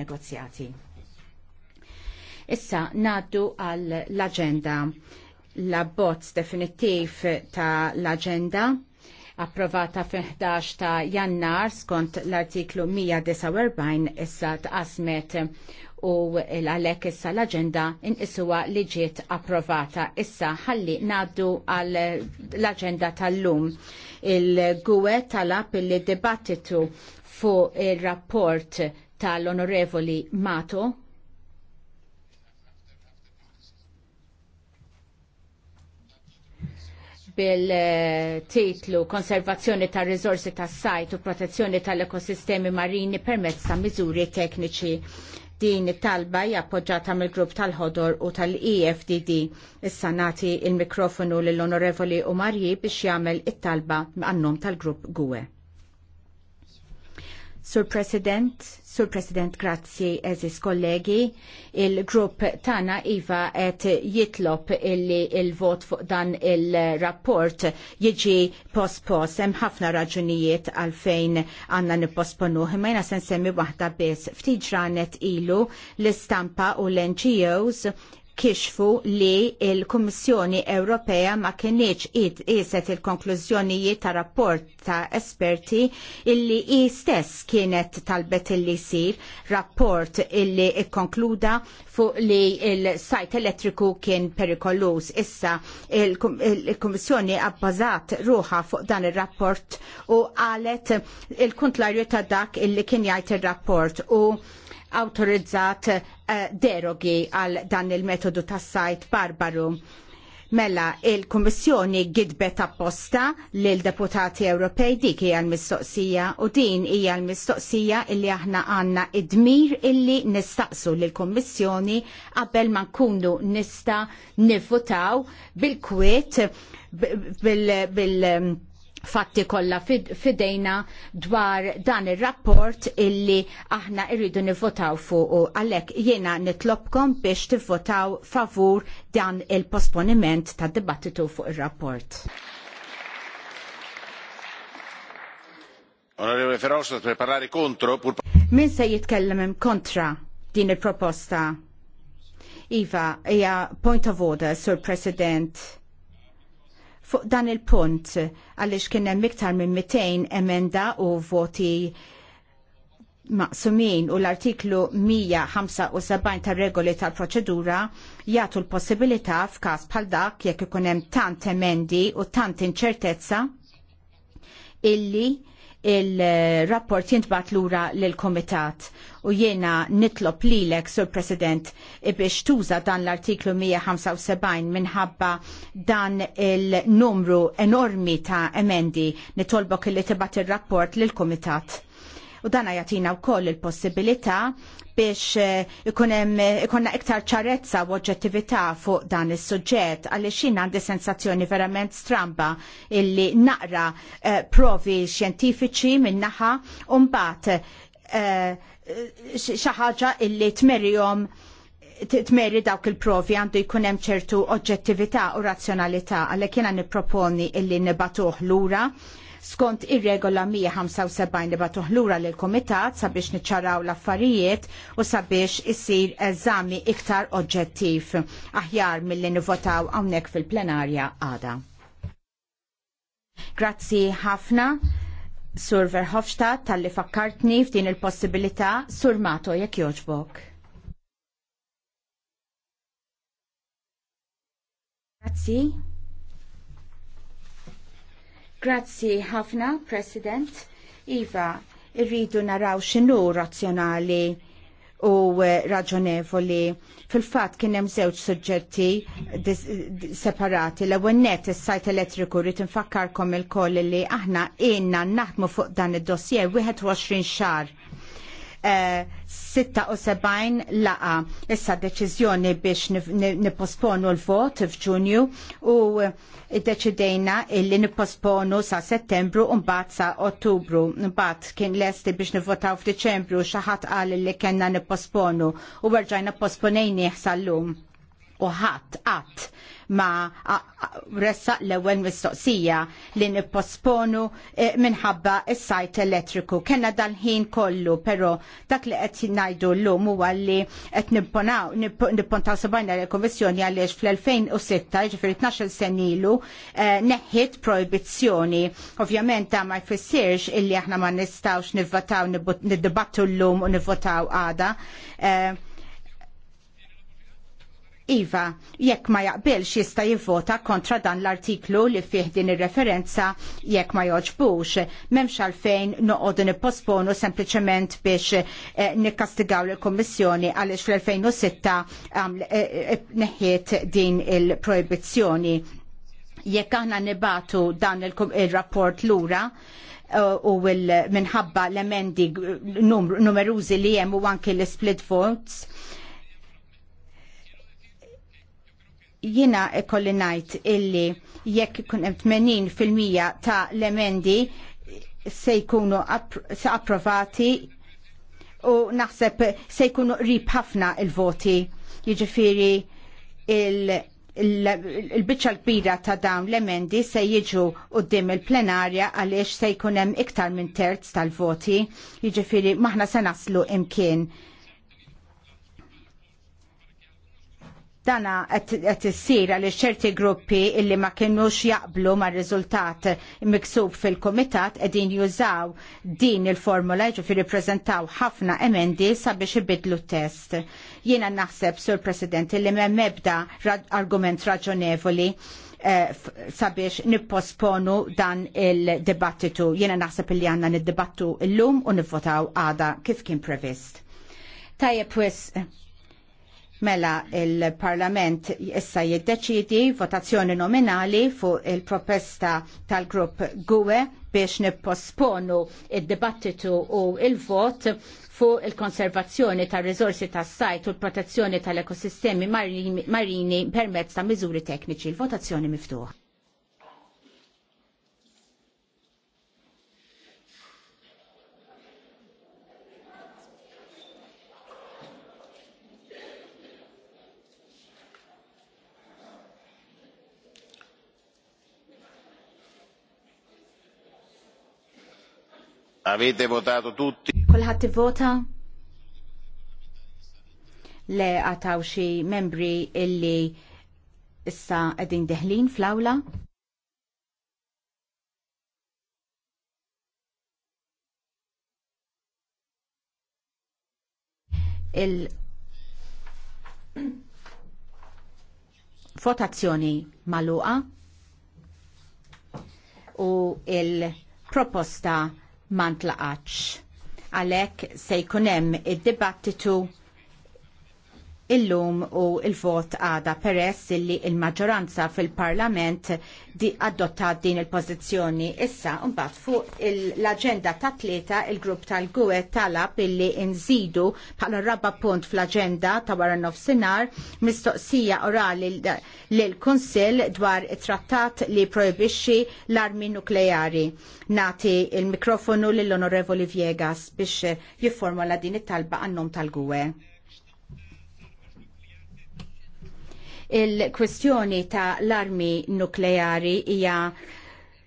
negozjati. Issa naddu għal l-agenda, l-abbozz definittiv ta' l-agenda approvata fil-11 ta' jannar skont l-artiklu 149 issa tqasmet u l-għalek issa l-agenda inqisuwa li ġiet approvata. Issa ħalli naddu għal l-agenda tal-lum. Il-gwe talab il-dibattitu fu il-rapport tal-Onorevoli Mato bil-titlu Konservazzjoni ta' risorsi tas sajt u protezzjoni tal-ekosistemi marini permezz ta' miżuri tekniċi. Din talba jappoġġata mill-grupp tal-ħodor u tal-EFDD. Issa nati il-mikrofonu l-Onorevoli Umarji biex jagħmel it-talba għannom tal-grupp GUE. Sur President, Sur President, grazzi eżis kollegi, il-grupp tana Iva et jitlop illi il-vot fuq dan il-rapport jiġi pospos, hemm ħafna raġunijiet għalfejn għanna nipposponu, imma sen semmi waħda biss, Ftiġranet ilu l-istampa u l-NGOs kixfu li il-Kummissjoni Ewropea ma kienieċ iset il-konklużjonijiet ta' rapport ta' esperti illi i stess kienet talbet illi sir rapport illi ikkonkluda fuq li il-sajt elettriku kien perikolus. Issa il-Kummissjoni abbażat ruħa fuq dan il-rapport u għalet il kuntlarju ta' dak illi kien jgħid il-rapport u autorizzat eh, derogi għal dan il-metodu tas-sajt barbaru. Mela, il-Kommissjoni gidbet apposta lill deputati Ewropej dik hija l-mistoqsija u din hija l-mistoqsija illi aħna għandna id-dmir illi nistaqsu lill kommissjoni qabel ma nkunu nista nivvutaw bil-kwiet bil-, bil, bil fatti kollha fidejna dwar dan ir-rapport illi aħna irridu nivvotaw fuq u għalhekk jiena nitlobkom biex tivvotaw favur dan il-posponiment tad-dibattitu fuq ir-rapport. Onorevole Ferostat, per parlare contro? Pur... Min se jitkellem kontra din il-proposta? Iva, hija point of order, Sur President fuq dan il-punt għaliex kien hemm iktar minn 200 emenda u voti maqsumin u l-artiklu 175 tar regoli tal-proċedura jagħtu l-possibilità f'każ bħal dak jekk ikun hemm tant emendi u tant inċertezza illi il-rapport jintbat lura l-komitat u jiena nitlob lilek, sur President, biex tuża dan l-artiklu 175 minħabba dan il-numru enormi ta' emendi nitolbok li tibat il-rapport l-komitat u dan jatina wkoll il-possibilità biex eh, eh, ikonna iktar ċarezza u oġġettività fuq dan is suġġett għalli jien għandi sensazzjoni verament stramba illi naqra eh, provi xjentifiċi minnaħa u mbagħad eh, ħaġa illi tmerjom tmeri dawk il-provi għandu jkun hemm ċertu oġġettività u razzjonalità għalhekk jiena nipproponi illi nibatuh lura skont ir-regola 175 li batuħ lura lil komitat sabiex niċċaraw l-affarijiet u sabiex isir eżami iktar oġġettiv aħjar mill-li nivotaw hawnhekk fil-plenarja għada. Grazzi ħafna. Sur Verhofstadt tal-li fakkartni f'din il-possibilità sur Mato jekk joġbok. Grazzi. Grazzi ħafna, President. Iva, irridu naraw xinu razzjonali u eh, raġonevoli. Fil-fat kien hemm żewġ suġġetti separati. L-ewwel net is-sajt elettriku rrid infakkarkom il-koll li aħna inna naħdmu fuq dan id-dossier 21 xahar 76 laqa. Issa deċiżjoni biex nipposponu l-vot f'Ġunju u deċidejna illi nipposponu sa settembru u mbagħad sa ottubru. Mbagħad kien lesti biex nivotaw f'Diċembru xaħat ħadd qal li kellna nipposponu u rġajna posponejni sal-lum u ħadd qatt ma ressaq l-ewwel mistoqsija li nipposponu eh, minħabba s-sajt elettriku. Kenna dal-ħin kollu, pero dak li qed ngħidu llum huwa li qed nipponaw nippontaw sabajna l-Kummissjoni għaliex fl-2006, ġifieri 12 sen ilu, eh, neħħit proibizzjoni. Ovvjament da ma jfissirx illi aħna ma nistgħux nivvotaw niddibattu llum u nivvotaw għada. Uh, Iva, jekk ma jaqbilx jista' jivvota kontra dan l-artiklu li fih din ir-referenza jekk ma joġbux. M'hemmx għalfejn noqogħdu nipposponu sempliċement biex eh, nikkastigaw lill-Kummissjoni għaliex fl-2006 um, eh, neħiet din il-proibizzjoni. Jekk aħna nibatu dan il-rapport eh, il lura, u minħabba l-emendi numerużi li jem u anki l-split votes jina ikolli najt illi jekk kun 80% ta' l-emendi se jkunu approvati u naħseb se jkunu rib ħafna il-voti. Jiġifieri il-bicċa l-kbira ta' dawn l-emendi se jiġu qoddim il-plenarja għaliex se jkun hemm iktar minn terz tal-voti, jiġifieri maħna se naslu imkien dana qed sir għal ċerti gruppi illi ma kienux jaqblu ma' riżultat miksub fil-komitat qegħdin jużaw din il-formula fi ppreżentaw ħafna emendi sabiex ibidlu test. Jiena naħseb sur President illi m'hemm ebda argument raġonevoli eh, sabiex nipposponu dan il-dibattitu. Jiena naħseb illi għandna niddibattu lum u nivvotaw għada kif kien previst. Tajjeb wis Mela il-Parlament issa jiddeċidi votazzjoni nominali fuq il-proposta tal-grupp GUE biex nipposponu id-dibattitu u il-vot fuq il-konservazzjoni tal riżorsi tas sajt u l-protezzjoni tal-ekosistemi marini, marini permezz ta' miżuri tekniċi. Il-votazzjoni miftuħa. Avete votato tutti? Kulħadd vota? Le għataw xi membri illi issa qegħdin deħlin fl-awla? il votazzjoni maluqa u il proposta ma ntlaqatx. Għalhekk se jkun hemm id-dibattitu illum u il-vot għada peress illi il-maġġoranza fil-parlament di adotta din il-pozizjoni issa mbagħad fuq l-aġenda ta' tlieta il-grupp tal-Gwe talab illi nżidu pal rabba punt fl-aġenda ta' wara nofsinhar mistoqsija orali lill-Kunsill dwar it-trattat li projbixxi l-armi nukleari. Nati il-mikrofonu lill-Onorevoli Viegas biex jiformola din it-talba għannum tal-Gwe. Il-kwestjoni ta' l-armi nukleari hija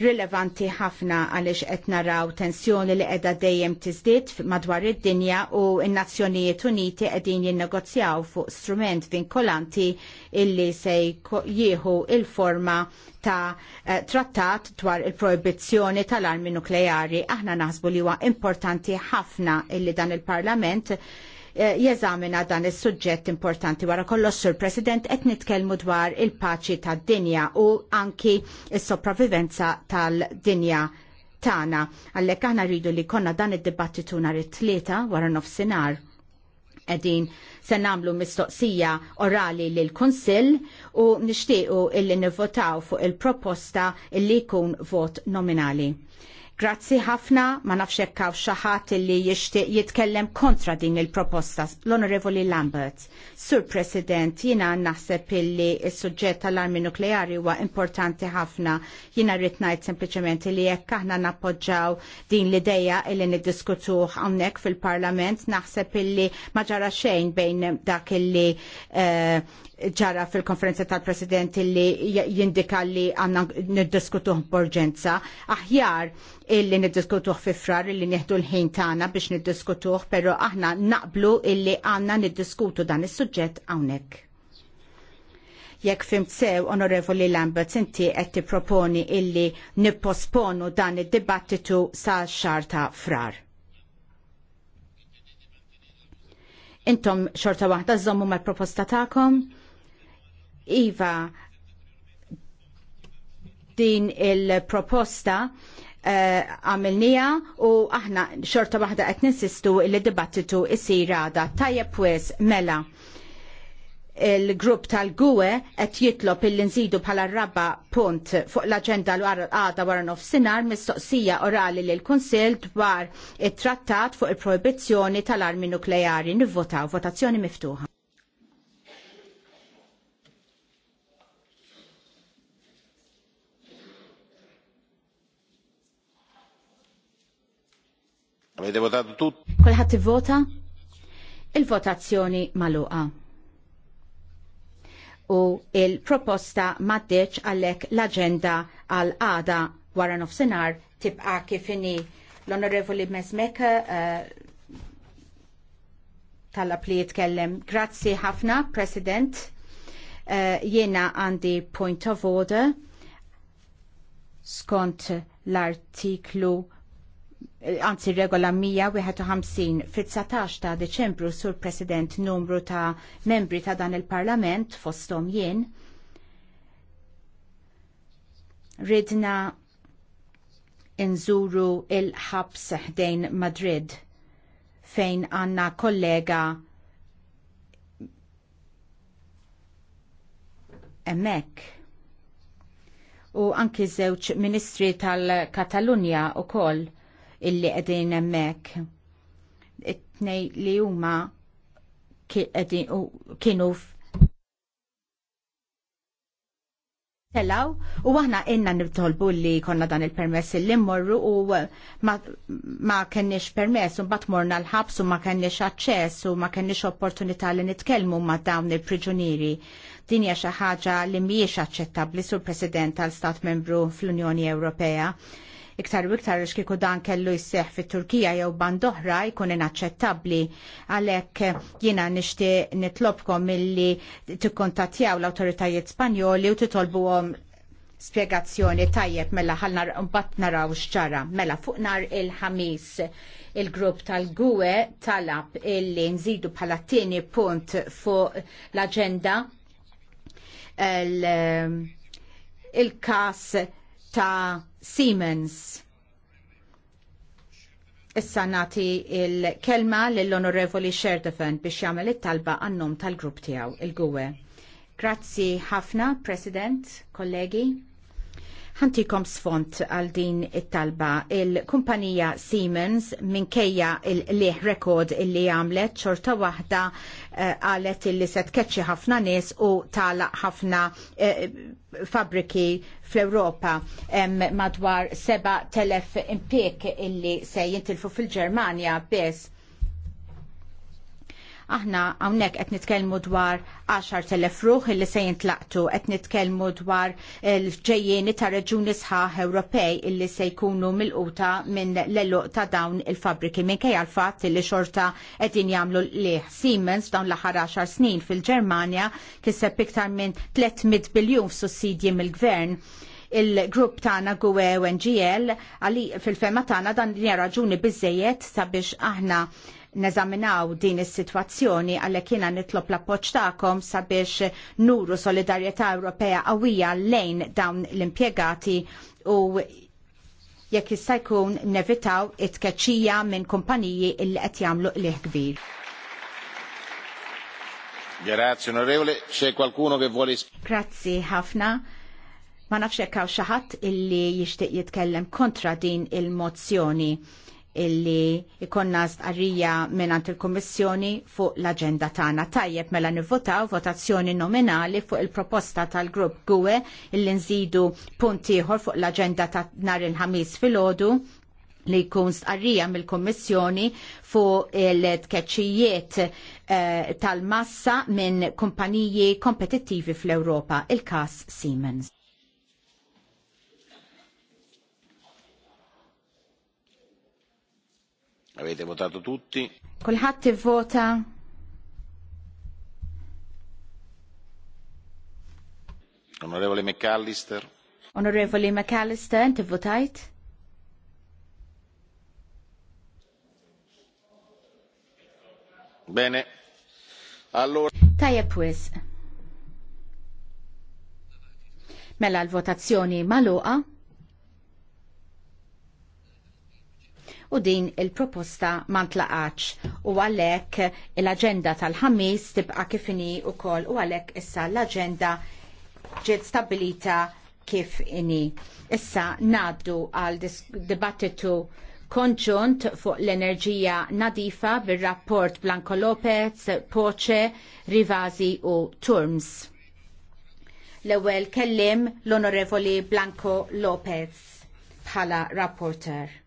rilevanti ħafna għaliex qed naraw tensjoni li qiegħda dejjem tiżdied madwar id-dinja u n-Nazzjonijiet Uniti qegħdin jinnegozjaw fuq strument vinkolanti illi se jieħu il-forma ta' eh, trattat dwar il-proibizzjoni tal-armi nukleari. Aħna naħsbu li huwa importanti ħafna illi dan il-Parlament Eh, jeżamina dan is-suġġett importanti wara kollox sur President qed nitkellmu dwar il-paċi tad-dinja u anki s-sopravivenza tal-dinja tagħna għalhekk aħna rridu li konna dan id-dibattitu nhar it-tlieta wara nofsinhar edin se namlu mistoqsija orali lil konsil u nishtiqu illi nivvotaw fuq il-proposta illi kun vot nominali. Grazzi ħafna, ma nafx hekk xaħat xi ħadd li jixtieq jitkellem kontra din il-proposta. L-Onorevoli Lambert, Sur President, jiena naħseb illi s-suġġett tal-armi nukleari huwa importanti ħafna. Jiena rrid ngħid sempliċement li jekk aħna nappoġġaw din l ideja illi niddiskutuh hawnhekk fil-Parlament, naħseb illi ma ġara xejn bejn dak illi eh, ġara fil-konferenza tal-President li jindika li għanna niddiskutuh b'urġenza. Aħjar illi niddiskutuh fi frar illi nieħdu l-ħin tagħna biex niddiskutuh, però aħna naqblu illi għandna niddiskutu dan is-suġġett hawnhekk. Jekk fimt sew, Onorevoli Lambert, inti qed tipproponi illi nipposponu dan id-dibattitu sa xarta frar. Intom xorta waħda żommu mal-proposta tagħkom? Iva, din il-proposta Eh, għamilnija u aħna xorta waħda qed ninsistu li dibattitu issir għada tajjeb wis mela il-grupp tal gwe qed jitlob il nżidu bħala raba punt fuq l-aġenda l għada wara nofsinhar mistoqsija orali li l konsil dwar it-trattat fuq il-proibizzjoni tal-armi nukleari nivvotaw votazzjoni miftuħa. Avete votato tutti? Kulħadd vota? Il-votazzjoni magħluqa. U il-proposta maddeċ għalhekk l-aġenda għal għada wara nofsinhar tibqa' kif inhi l-Onorevoli Mesmek uh, eh, tal-app li jitkellem. Grazzi ħafna, President. Uh, Jiena għandi point of order skont l-artiklu anzi regola 151 fit-19 ta' Deċembru sur President numru ta' membri ta' dan il-Parlament fostom jien ridna inżuru il-ħabs ħdejn Madrid fejn għanna kollega emmek u anki żewġ ministri tal-Katalunja u koll illi qegħdin hemmhekk. it li huma kienu telaw u aħna inna nibtolbu li konna dan il-permess li morru u ma, kenniex permess u bat morna l-ħabs u ma kenniex aċċess u ma kenniex opportunità li nitkelmu ma dawn il-priġunieri. Din hija xi ħaġa li mhijiex aċċettabbli sur President tal-Stat Membru fl-Unjoni Ewropea iktar u iktar kieku dan kellu jisseħ fit turkija jew band oħra jkun inaċċettabbli għalhekk jiena nixtieq nitlobkom milli tikkuntattjaw l-awtoritajiet Spanjoli u titolbuhom spiegazzjoni tajjeb mela ħalna mbagħad naraw xċara Mela fuq nar il-ħamis il-grupp tal gwe talab illi nżidu bħala tieni punt fuq l-aġenda il-kas ta' Siemens. Issa nati il-kelma l-Onorevoli Sherdefen biex jagħmel it-talba għannum tal-grupp tiegħu il-Gwe. Grazzi ħafna, President, kollegi. Ħantikom sfont għal din it-talba il-kumpanija Siemens minkejja il-leħ rekord illi għamlet xorta waħda eh, għalet illi set keċi ħafna nies u tala ħafna eh, fabriki fl-Europa madwar 7.000 impiek illi se jintilfu fil-Germania biss Aħna hawnhekk qed nitkellmu dwar 10,000 ruħ illi se jintlaqtu, qed nitkellmu dwar il-ġejjieni ta' reġuni sħaħ Ewropej illi se jkunu milquta minn l-eluq ta' dawn il-fabriki minkejja l-fatt illi xorta qegħdin jamlu li Siemens dawn l-aħħar 10 snin fil-Ġermanja kiseb iktar minn 300 biljun sussidji mill-gvern il-grupp tana gwe NGL għalli fil-fema tana dan li raġuni bizzejiet sabiex aħna neżaminaw din is-sitwazzjoni għalhekk jiena nitlob l-appoġġ tagħkom sabiex nuru solidarjetà Ewropea qawwija lejn dawn l-impjegati u jekk jista' jkun nevitaw it-tkeċċija minn kumpaniji li qed jagħmlu qlih kbir. Grazie onorevole, c'è qualcuno che vuole Grazie ħafna. Ma nafx hekk hawn xi ħadd illi jixtieq jitkellem kontra din il-mozzjoni illi ikonna stqarrija minnant il-Kommissjoni fuq l-agenda tagħna. Tajjeb mela nivvotaw votazzjoni nominali fuq il-proposta tal-grupp GUE illi nżidu punti ieħor fuq l-agenda ta' nhar il-ħamis filgħodu li jkun stqarrija mill-Kommissjoni fuq il-tkeċċijiet eh, tal-massa minn kumpaniji kompetittivi fl-Ewropa, il-kas Siemens. Avete votato tutti? Kulħadd ivvota. Onorevole McAllister. Onorevole McAllister, inti votajt? Bene. Allora. Tajjeb wis. Mela l-votazzjoni maluqa. u din il-proposta ma ntlaqax u għalhekk l-aġenda tal-ħamis tibqa' kifini wkoll u għalhekk issa l-aġenda ġiet stabilita kif ini. Issa ngħaddu għal dibattitu konġunt fuq l-enerġija nadifa bir-rapport Blanco Lopez, Poce, Rivasi u Turms. L-ewwel kellim l-Onorevoli Blanco Lopez bħala rapporter.